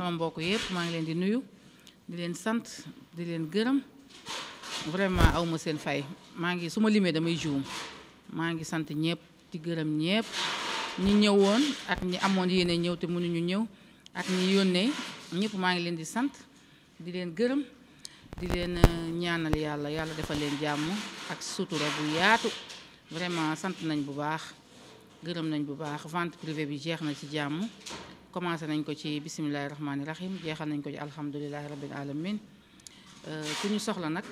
sama mbokk yëpp maa ngi leen di nuyu di leen sant di leen gërëm vraiment awma seen fay maa ngi suma ma limee damay juum maa ngi sant ñëpp di gërëm ñëpp ñi ñëwoon ak ñi amoon yéene ñëw te mënuñu ñëw ak ñi yónnee ñëpp maa ngi leen di sant di leen gërëm di leen euh, ñaanal yàlla yàlla defal leen jàmm ak sutura bu yaatu vraiment sant nañ bu baax gërëm nañ bu baax vente privée bi jeex na ci jàmm commencé nañ ko ci bisimilahi rahmaani rahim jeexal nañ ko ci alhamdulilahi rabbil alamin euh, ku ñu soxla nag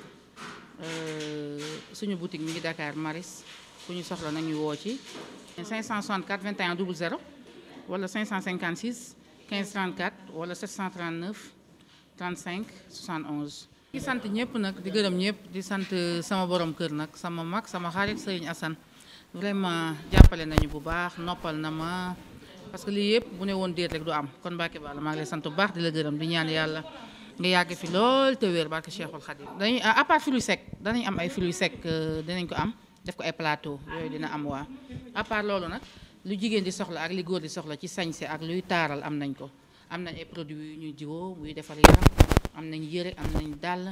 euh, suñu boutique mi ngi dakaar Maris ku ñu soxla nag ñu woo ci 564 21 00 wala 556 15 34 wala 739 35 71 di sant ñëpp nag di gërëm ñëpp di sant sama borom kër nag sama mag sama xarit Serigne Assane vraiment jàppale nañu bu baax noppal na ma parce que lii yëpp bu ne woon déet rek du am kon Mbacke Balla maa ngi lay sant bu baax di la gërëm di ñaan yàlla nga yàgg fi lool te wér barke Cheikhul Khadim dañuy à part fruits secs danañ am ay fruits secs euh, dinañ ko am def ko ay plateau yooyu dina am waa à part loolu nag lu jigéen di soxla ak li góor di soxla ci sañse ak luy taaral am nañ ko am nañ ay produits yu ñuy jiwoo muy defar yaram am nañ yëre am nañ dàll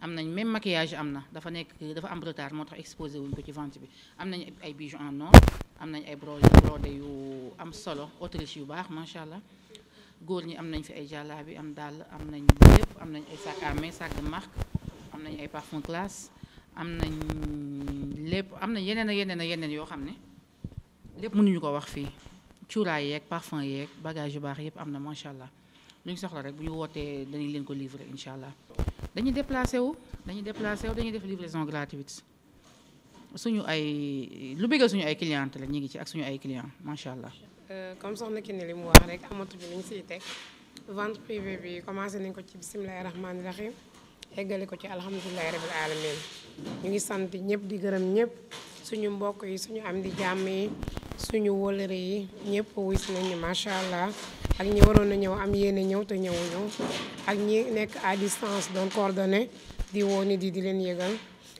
am nañ même maquillage am na dafa nekk dafa am retard moo tax exposé wuñ ko ci vente bi am nañ ay bijoux en or am nañ ay brodé yu am solo autriche yu baax macha allah góor ñi am nañ fi ay jàllaabi am dàll am nañ lépp am nañ ay sac à main sac de marque am nañ ay parfum classe am nañ lépp am nañ yeneen ak yeneen ak yeneen yoo xam ne lépp mënuñu ko wax fii cuuraay yeeg parfum yeeg bagage yu baax yëpp am na macha allah lu ñu soxla rek bu ñu wootee dañuy leen ko livrer incha allah dañuy déplacé wu dañuy déplacé wu dañuy def livraison gratuite suñu ay lu bëgg suñu ay cliente la ñu ngi ci ak suñu ay client macha allah. Euh, comme soxna Kine li mu wax rek amatu bi ñu siy teg vente privée bi commencé nañ ko ci bisimilah rahmaani rahim eggale ko ci alhamdulilah rabbil alamin ñu ngi sant ñëpp di gërëm ñëpp suñu mbokk yi suñu am di jàmm yi suñu wóllëre yi ñëpp wis nañu macha allah ak ñi waro na ñew am yéene ñëw te ñu ak ñi nek à distance doon coordonnées di woni di di len yëgal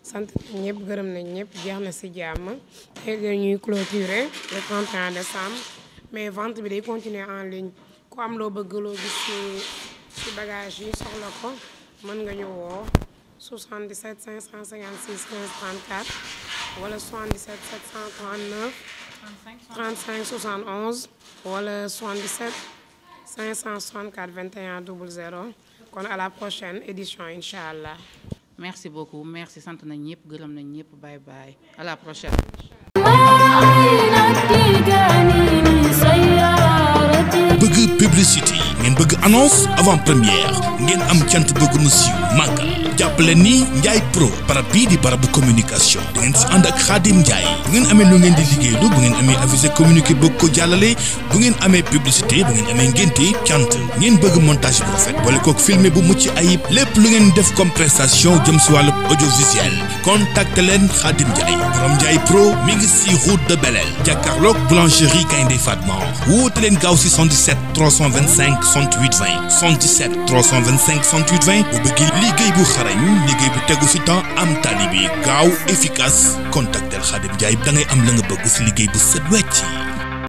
sante ñepp ñëpp gërëm nañ ñëpp jeex ci si té te dañuy clôturer le 31 décembre mais vente bi day continuer en ligne ko am lo bëgg lo gis ci ci bagage yi soxla ko mën nga ñu wo 77 556 15 34 wala 77 739 35 71 le 77 564 21 00 à la prochaine édition Inch'Allah merci beaucoup merci sant bye bye à la prochaine. annonce avant première ngeen am cant bëgg mu siiw màggal jàppale ni Ndiaye Pro barab bii di barabu communication di ngeen si ànd ak Xaadim Ndiaye bu ngeen amee lu ngeen di liggéeylu bu ngeen amee avisé communiqué bëgg ko jàllale bu ngeen amee publicité bu ngeen amee ngénte cant ngeen bëgg montage bu rafet boole kook filmé bu mucc ayib lépp lu ngeen def comme prestation jëm si wàllu audiovisuel contacte leen Xaadim Ndiaye borom Ndiaye Pro mi ngi si route de Belel jàkkaarloog boulangerie Gaynde Fatma woote leen gaaw si 77 325 68 20 77 325 55 68 20 bu bëggee liggéey bu xarañ liggéey bu tegu ci temps am tali bi gaaw efficace contactel Khadim Ndiaye da ngay am la nga bëgg ci liggéey bu set wecc